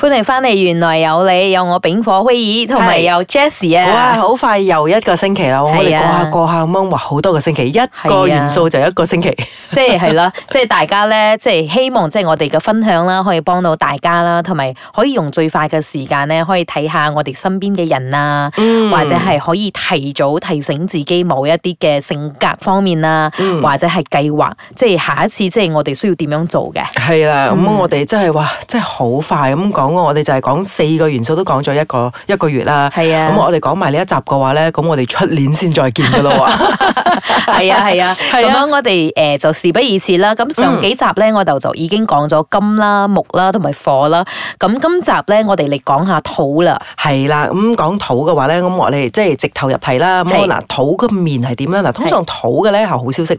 歡迎翻嚟，原來有你，有我丙火威爾，同埋有 Jessie 啊！哇，好快又一個星期啦，啊，我哋過下過下咁，哇，好多個星期，啊，一個元素就一個星期，即係係啦，即、就、係、是 就是、大家咧，即、就、係、是、希望即係我哋嘅分享啦，可以幫到大家啦，同埋可以用最快嘅時間咧，可以睇下我哋身邊嘅人啊，嗯，或者係可以提早提醒自己某一啲嘅性格方面啊，嗯，或者係計劃，即、就、係、是、下一次即係我哋需要點樣做嘅。係啦，咁我哋真係話真係好快咁講。我哋就係講四個元素都講咗一個一個月啦。係啊，咁我哋講埋呢一集嘅話咧，咁我哋出年先再見噶咯。係 啊，係啊。咁樣、啊、我哋誒、啊、呃、就事不宜遲啦。咁上幾集咧，我就就已經講咗金啦、嗯、木啦同埋火啦。咁今集咧，是啊、講的話我哋嚟講下土啦。係啦，咁講土嘅話咧，咁我哋即係直頭入題啦。咁嗱，土個面係點咧？嗱，通常土嘅咧係好消息。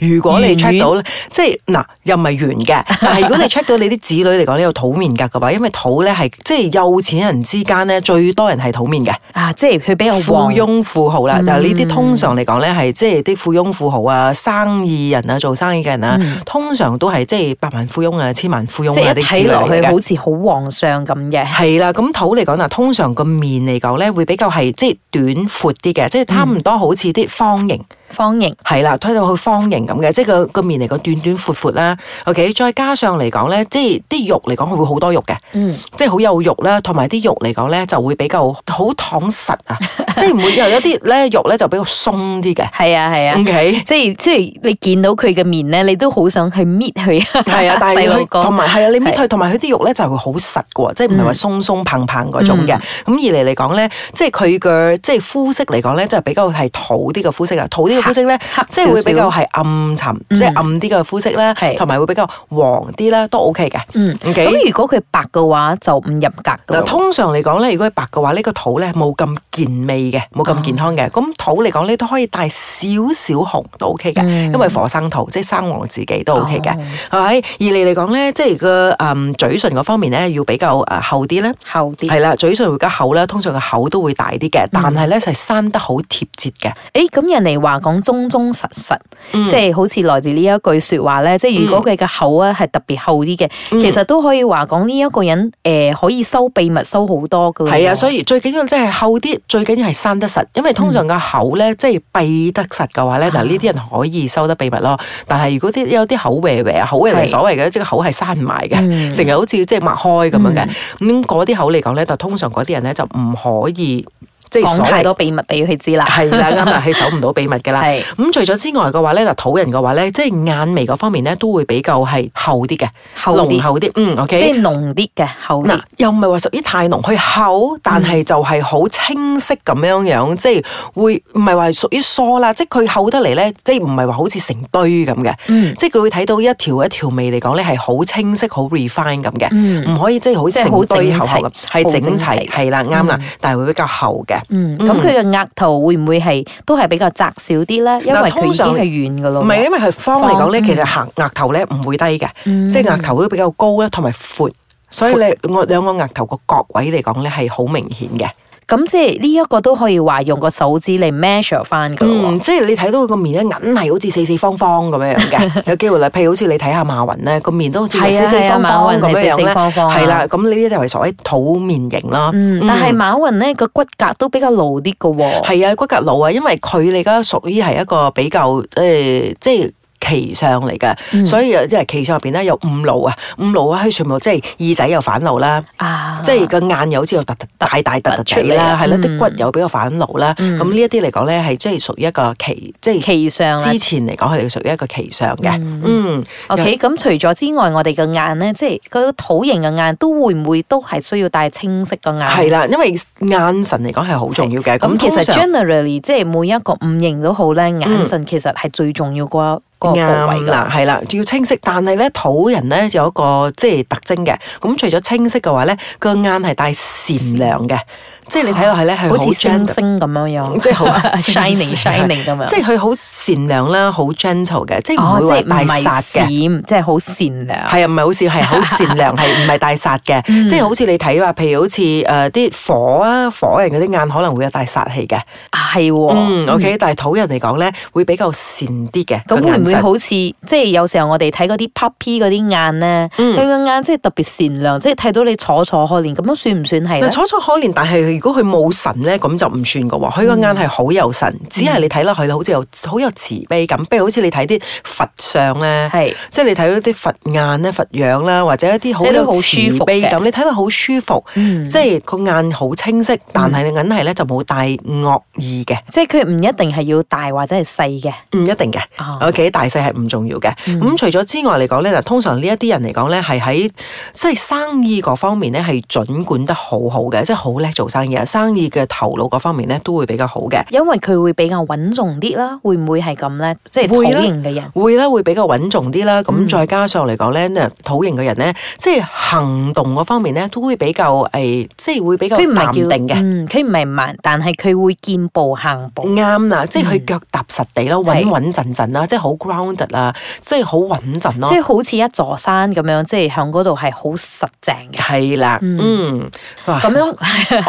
如果你 check 到，嗯、即係嗱，又唔係圓嘅。但係如果你 check 到你啲子女嚟講 有土面格嘅話，因爲土。咧，係即係有錢人之間咧，最多人係土面嘅啊，即係佢比較富翁富豪啦、嗯。就呢、是、啲通常嚟講咧，係即係啲富翁富豪啊、生意人啊、做生意嘅人啊、嗯，通常都係即係百萬富翁啊、千萬富翁啊啲睇落去好似好黃尚皇上咁嘅。係啦，咁土嚟講啊，通常個面嚟講咧，會比較係即係短闊啲嘅，即係、嗯、差唔多好似啲方形。方形係啦，推到去方形咁嘅，即係個個面嚟講短短闊闊啦。O、OK? K，再加上嚟講咧，即係啲肉嚟講佢會好多肉嘅、嗯，即係好有肉啦。同埋啲肉嚟講咧就會比較好燙實啊， 即係唔會有一啲咧肉咧就比較鬆啲嘅，係啊係啊。啊、o、OK? K，即係即係你見到佢嘅面咧，你都好想去搣佢啊，係啊，但係你同埋係啊，你搣佢，同埋佢啲肉咧就會好實嘅、嗯，即係唔係話鬆鬆棒棒嗰種嘅。咁二嚟嚟講咧，即係佢嘅即係膚色嚟講咧，就比較係土啲嘅膚色啊，土啲。膚色咧，即係會比較係暗沉，嗯、即係暗啲嘅膚色啦，同埋會比較黃啲啦，都 OK 嘅。咁如果佢白嘅話就唔入格。嗱，通常嚟講咧，如果佢白嘅話，呢個土咧冇咁健美嘅，冇咁健康嘅。咁土嚟講咧，都可以帶少少紅都 OK 嘅、嗯，因為火生土，即係生旺自己都 OK 嘅，係、哦、咪？而你嚟講咧，即係個誒嘴唇嗰方面咧，要比較誒厚啲咧，厚啲係啦，嘴唇會較厚啦，通常個口都會大啲嘅，但係咧就係生得好貼切嘅。誒，咁人哋話忠忠實實，即係好似來自呢一句說話咧、嗯，即係如果佢嘅口咧係特別厚啲嘅、嗯，其實都可以話講呢一個人誒、呃、可以收秘密收好多噶。係啊，所以最緊要即係厚啲，最緊要係閂得實，因為通常個口咧、嗯、即係閉得實嘅話咧，嗱呢啲人可以收得秘密咯、嗯。但係如果啲有啲口歪歪，口又無所謂嘅，即係口係閂唔埋嘅，成、嗯、日好似即係擘開咁樣嘅，咁嗰啲口嚟講咧，就通常嗰啲人咧就唔可以。即講太多秘密俾佢知啦，係 啦，咁啊，佢守唔到秘密嘅啦。咁 除咗之外嘅話咧，嗱，土人嘅話咧，即係眼眉嗰方面咧，都會比較係厚啲嘅，濃厚啲，即係濃啲嘅，厚嗱、嗯 okay？啊，又唔係話屬於太濃，佢厚，但係就係好清晰咁樣樣，即係會唔係話屬於疏啦，即係佢厚得嚟咧，即係唔係話好似成堆咁嘅、嗯，即係佢會睇到一條一條眉嚟講咧，係好清晰、好 refine 咁嘅，唔、嗯、可以、就係、即係好成堆厚厚嘅，係整齊，係啦，啱啦、嗯，但係會比較厚嘅。嗯，咁佢嘅額頭會唔會係都係比較窄少啲咧？因為佢已經係圓噶咯，唔係因為佢方嚟講咧，其實行額頭咧唔會低嘅，嗯，即係額頭會比較高啦，同埋闊，所以你我兩個額頭嘅角位嚟講咧係好明顯嘅。咁即係呢一個都可以話用個手指嚟 measure 翻、嗯、噶，即係你睇到個面咧，硬係好似四四方方咁樣嘅， 有機會啦。譬如好似你睇下馬雲呢，個面都好似四四方方咁、啊啊、樣樣咧，係、嗯、啦。咁呢啲就係所謂土面型囉、嗯。但係馬雲呢個、嗯、骨骼都比較老啲㗎喎。係呀、啊，骨骼老啊，因為佢而家屬於係一個比較，呃、即係。奇相嚟㗎，所以有啲係奇相入邊咧，有五露啊，五露啊，佢全部即係耳仔又反露啦，即係個眼又好似又突突大大突突嘴啦，係咯，啲骨又比較反露啦，咁呢一啲嚟講咧，係即係屬於一個奇，即係奇相。之前嚟講係、啊、屬於一個奇相嘅。嗯，嗯，OK，咁除咗之外，我哋嘅眼咧，即係個土形嘅眼都會唔會都係需要戴清晰嘅眼？係啦，因為眼神嚟講係好重要嘅。咁、嗯嗯嗯、其實 generally 即係每一個五形都好咧，眼神其實係最重要嘅。啱、那、啦、個，係啦，仲要清晰。但係咧，土人咧有一個即係特徵嘅。咁除咗清晰嘅話咧，個眼係帶善良嘅。即係你睇落去咧，係好似星咁樣樣，即係好 shining shining 咁樣。即係佢好善良啦，好 gentle 嘅，即係唔會話大殺嘅，即係好善良。係啊、哦，唔係好善，係好善良，係唔係大殺嘅。即係好似你睇話，譬如好似誒啲火啊，火人嗰啲眼可能會有大殺氣嘅。係喎，OK 但係土人嚟講咧，會比較善啲嘅。咁會唔會好似、那個、即係有時候我哋睇嗰啲 puppy 嗰啲眼咧？佢、嗯、嘅、那個、眼即係特別善良，即係睇到你楚楚可憐咁樣，算唔算係楚楚可憐，但係如果佢冇神咧，咁就唔算嘅喎。佢、嗯、個眼係好有神，只係你睇落去好似有好有慈悲咁，比如好似你睇啲佛像咧，即係你睇到啲佛眼咧、佛樣啦，或者一啲好有慈悲感，你睇得好舒服，嗯、即係個眼好清晰，但係你硬係咧就冇大惡意嘅。即係佢唔一定係要大或者係細嘅，唔一定嘅、哦。OK，大細係唔重要嘅。咁、嗯、除咗之外嚟講咧，通常呢一啲人嚟講咧，係喺即係生意各方面咧，係准管得好好嘅，即係好叻做生意。生意嘅頭腦嗰方面咧都會比較好嘅，因為佢會比較穩重啲啦。的會唔會係咁咧？即係土形嘅人會咧，會比較穩重啲啦。咁、嗯、再加上嚟講咧，土形嘅人咧，即係行動嗰方面咧都會比較誒、欸、即係會比較佢唔係叫定嘅，嗯，佢唔係慢，但係佢會見步行步。啱啦，即係佢腳踏實地啦，穩穩陣陣啦，即係好 grounded 啊，即係好穩陣咯，即係好似一座山咁樣，即係向嗰度係好實淨嘅。係啦，嗯，咁樣。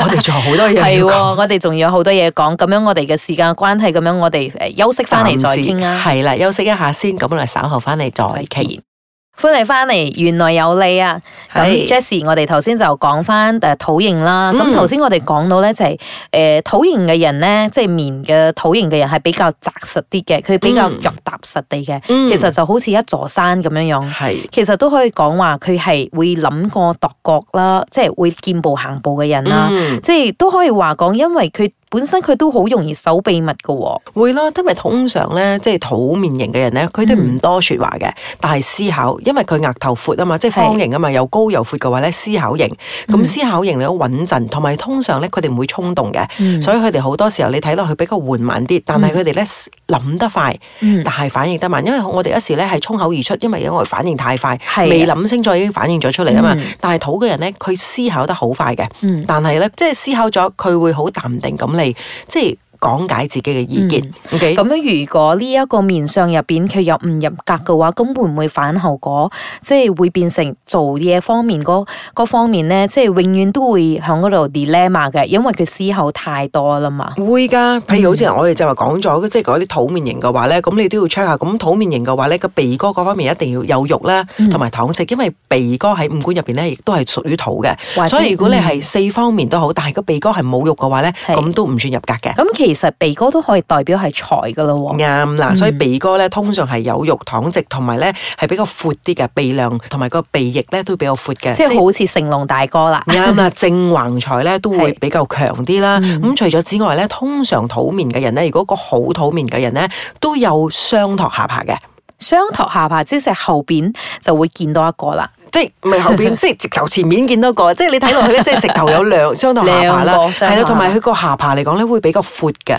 我哋。仲有好多嘢係、哦，我哋仲有好多嘢講。咁樣我哋嘅時間關係，咁樣我哋誒休息翻嚟，再傾啦。係啦，休息一下先，咁嚟稍後返嚟再傾。再歡迎返嚟，玄來有理啊！咁 Jesse，我哋頭先就講返土型啦。咁頭先我哋講到呢，就係土型嘅人呢，即係面嘅土型嘅人係比較扎實啲嘅，佢比較腳踏實地嘅、嗯。其實就好似一座山咁樣樣。其實都可以講話佢係會諗過度過啦，即係會見步行步嘅人啦、嗯，即係都可以話講，因為佢。本身佢都好容易守秘密噶喎、哦，會啦，因為通常咧，即係土面型嘅人咧，佢都唔多說話嘅、嗯，但係思考，因為佢額頭闊啊嘛，即係方形啊嘛，又高又闊嘅話咧，思考型。咁、嗯、思考型你好穩陣，同埋通常咧佢哋唔會衝動嘅、嗯，所以佢哋好多時候你睇落去比較緩慢啲、嗯，但係佢哋咧諗得快，嗯、但係反應得慢。因為我哋有時咧係衝口而出，因為，因為反應太快，未諗清楚已經反應咗出嚟，啊嘛。嗯、但係土嘅人咧，佢思考得好快嘅、嗯，但係咧即係思考咗，佢會好淡定咁即係。講解自己嘅意見，咁、嗯、樣、okay? 如果呢一個面相面他入邊佢又唔入格嘅話，咁會唔會反後果？即係會變成做嘢方面個方面咧，即係永遠都會喺嗰度 dilemma 嘅，因為佢思考太多啦嘛。會㗎，譬如好似我哋就話講咗，即係嗰啲土面型嘅話咧，咁你都要 check 下。咁土面型嘅話咧，個鼻哥嗰方面一定要有肉啦，同、嗯、埋挺直，因為鼻哥喺五官入邊咧亦都係屬於土嘅，所以如果你係四方面都好，嗯、但係個鼻哥係冇肉嘅話咧，咁都唔算入格嘅。咁、嗯其實鼻哥都可以代表係財噶咯喎，啱啦，所以鼻哥咧通常係有肉躺直，同埋咧係比較闊啲嘅鼻梁，同埋個鼻翼咧都比較闊嘅，即係好似成龍大哥啦，啱啦，正橫財咧都會比較強啲啦。咁、嗯、除咗之外咧，通常土面嘅人咧，如果個好土面嘅人咧，都有雙托下巴嘅，雙托下巴，下巴即係後邊就會見到一個啦。 即係咪後邊即係直頭前面見到個， 即係你睇落去咧，即係直頭有兩雙頭下巴啦，係啦，同埋佢個下巴嚟講咧，呢會比較闊嘅。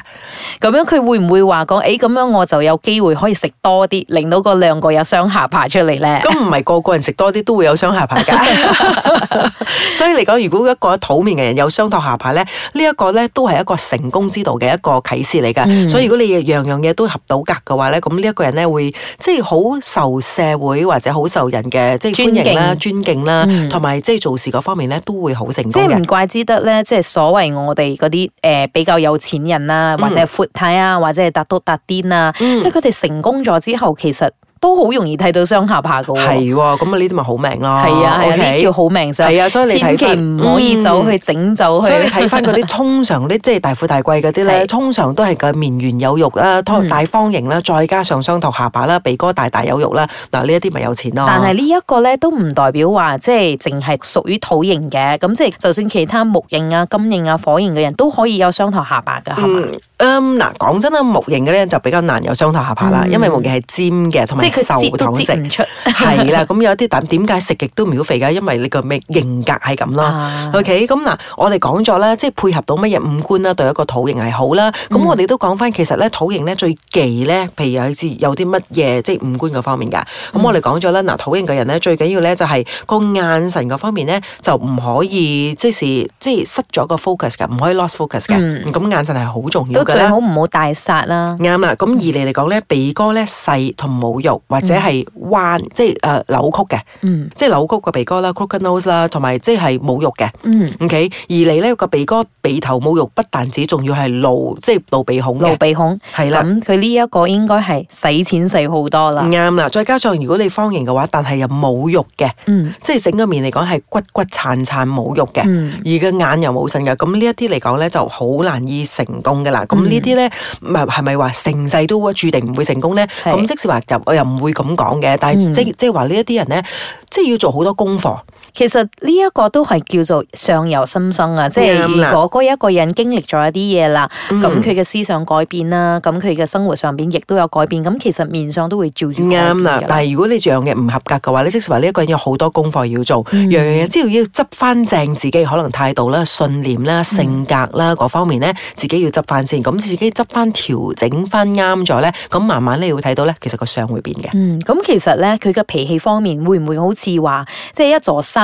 咁樣佢會唔會話講，誒、哎、咁樣我就有機會可以食多啲，令到個兩個有雙下巴出嚟咧？咁唔係個個人食多啲都會有雙下巴㗎。 所以嚟講，如果一個土面嘅人有雙頭下巴咧，呢、這、一個咧都係一個成功之道嘅一個啟示嚟㗎、嗯。所以如果你樣樣嘢都合到格嘅話咧，咁呢一個人咧會即係好受社會或者好受人嘅即係歡迎尊尊敬啦，同埋即係做事嗰方面咧，都會好成功嘅。即係唔怪之得咧，即係所謂我哋嗰啲誒比較有錢人啦、嗯，或者係闊太啊，或者係達都達癲啊，即係佢哋成功咗之後，其實。都好容易睇到雙下巴嘅喎，係 喎樂，咁啊呢啲咪好命咯，我呢、okay? 叫好命，啊，所以你睇下，千祈唔可以走去整走去、嗯。所以你睇翻佢啲通常啲即係大富大貴嗰啲咧，通常都係個面圓有肉啦，拖大方形啦，再加上雙頭下巴啦，鼻哥大大有肉啦，嗱呢啲咪有錢咯。但係呢一個咧都唔代表話即係淨係屬於土形嘅，咁即係就算其他木形啊、金形啊、火形嘅人都可以有雙頭下巴嘅，係、嗯、嘛？是嗯、um,，嗱，講真啦，木型嘅咧就比較難有雙頭下巴啦、嗯，因為木型係尖嘅，同埋瘦頭型，係啦，咁有啲但點解食極都唔要肥噶？因為你個咩型格係咁啦。O K，咁嗱，我哋講咗啦，即係配合到乜嘢五官啦，對一個土型係好啦。咁、嗯、我哋都講翻，其實咧土型咧最忌咧，譬如有啲乜嘢，即係五官嗰方面噶。咁、嗯、我哋講咗啦，嗱，土型嘅人咧最緊要咧就係個眼神嗰方面咧就唔可以即是即係失咗個 focus 嘅，唔可以 lost focus 嘅。咁、嗯、眼神係好重要的。最好唔好大殺啦。啱啦，咁二嚟嚟講咧，鼻哥咧細同冇肉或者係彎、嗯，即係誒、呃、扭曲嘅、嗯。即係扭曲個鼻哥啦，crooked nose 啦，同埋即係冇肉嘅。OK，二嚟咧個鼻哥鼻頭冇肉，不但止仲要係露，即係露鼻孔露鼻孔係啦，咁佢呢一個應該係使錢細好多啦。啱啦，再加上如果你方形嘅話，但係又冇肉嘅，即係整個面嚟講係骨骨燦燦冇肉嘅，而個眼又冇神嘅，咁呢一啲嚟講咧就好難以成功嘅啦。咁呢啲呢，唔係咪話成世都注定唔會成功呢？咁即使話我又唔會咁講嘅。但係、嗯、即即係話呢啲人呢，即係要做好多功課。其實呢一個都係叫做相由心生啊，即係如果一個人經歷咗一啲嘢啦，咁佢嘅思想改變啦，咁佢嘅生活上邊亦都有改變，咁其實面上都會照住改變嘅。啱啦，但係如果你這樣嘅唔合格嘅話，你即係話呢、嗯、一個人有好多功課要做，樣樣嘢都要執翻正自己，可能態度啦、信念啦、性格啦嗰方面咧，自己要執翻先，咁自己執翻調整翻啱咗咧，咁慢慢你會睇到咧、嗯，其實個相會變嘅。咁其實咧，佢嘅脾氣方面會唔會好似話即係一座山？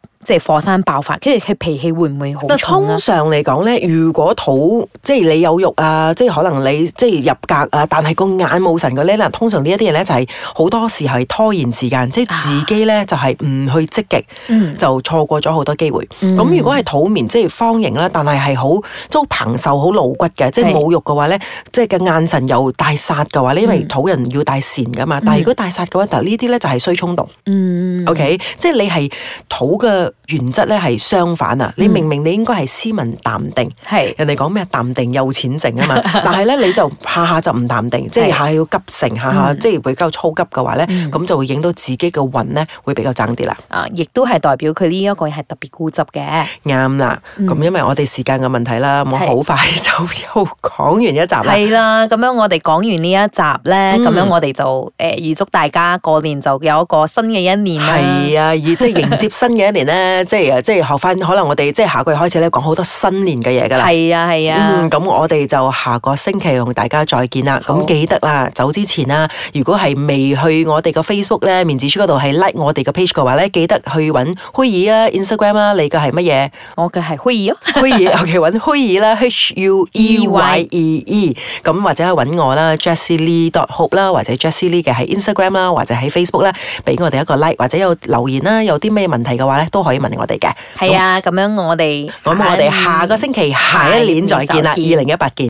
即係火山爆發，跟住佢脾氣會唔會好？嗱，通常嚟講咧，如果土即係你有肉啊，即係可能你即係入格啊，但係個眼冇神嘅咧，嗱，通常呢一啲人咧就係、是、好多時候係拖延時間，即係自己咧就係唔去積極，啊、就錯過咗好多機會。咁、嗯、如果係土面即係方形啦，但係係好遭膨瘦，好露骨嘅，即係冇肉嘅話咧，即係嘅眼神又大煞嘅話咧，因為土人要大善噶嘛，但係如果大煞嘅話，嗱呢啲咧就係衰衝動、嗯、，o、okay? k 即係你係土嘅。原則咧係相反啊！你明明你應該係斯文淡定，係、嗯、人哋講咩淡定有錢剩啊嘛！ 但係咧你就下下就唔淡定，是即係下下要急成下下，嗯、即係比較粗急嘅話咧，咁、嗯、就會影到自己嘅運咧，會比較差啲啦。啊，亦都係代表佢呢一個係特別固執嘅。啱啦，咁、嗯、因為我哋時間嘅問題啦，我好快就又講完一集啦。係啦、啊，咁樣我哋講完呢一集咧，咁、嗯、樣我哋就誒預、呃、祝大家過年就有一個新嘅一、啊、一年。係啊，即係迎接新嘅一年咧。即係即係學翻，可能我哋即係下個月開始咧，講好多新年嘅嘢噶啦。係啊係啊。咁、啊嗯、我哋就下個星期同大家再見啦。咁記得啦，走之前啊，如果係未去我哋個 Facebook 咧，面子書嗰度係 like 我哋個 page 嘅話咧，記得去揾虛擬啊，Instagram 啦，你嘅係乜嘢？我嘅係虛擬哦，虛 擬、okay。我哋揾虛擬啦，H U E Y E E。咁 或者咧揾我啦，Jessie Lee dot com 啦，或者 Jessie Lee 嘅喺 Instagram 啦，或者喺 Facebook 啦，俾我哋一個 like 或者有留言啦，有啲咩問題嘅話咧，都可以。可以問我哋嘅，係啊，咁樣我哋，咁我哋下個星期下一年再見啦，2018見。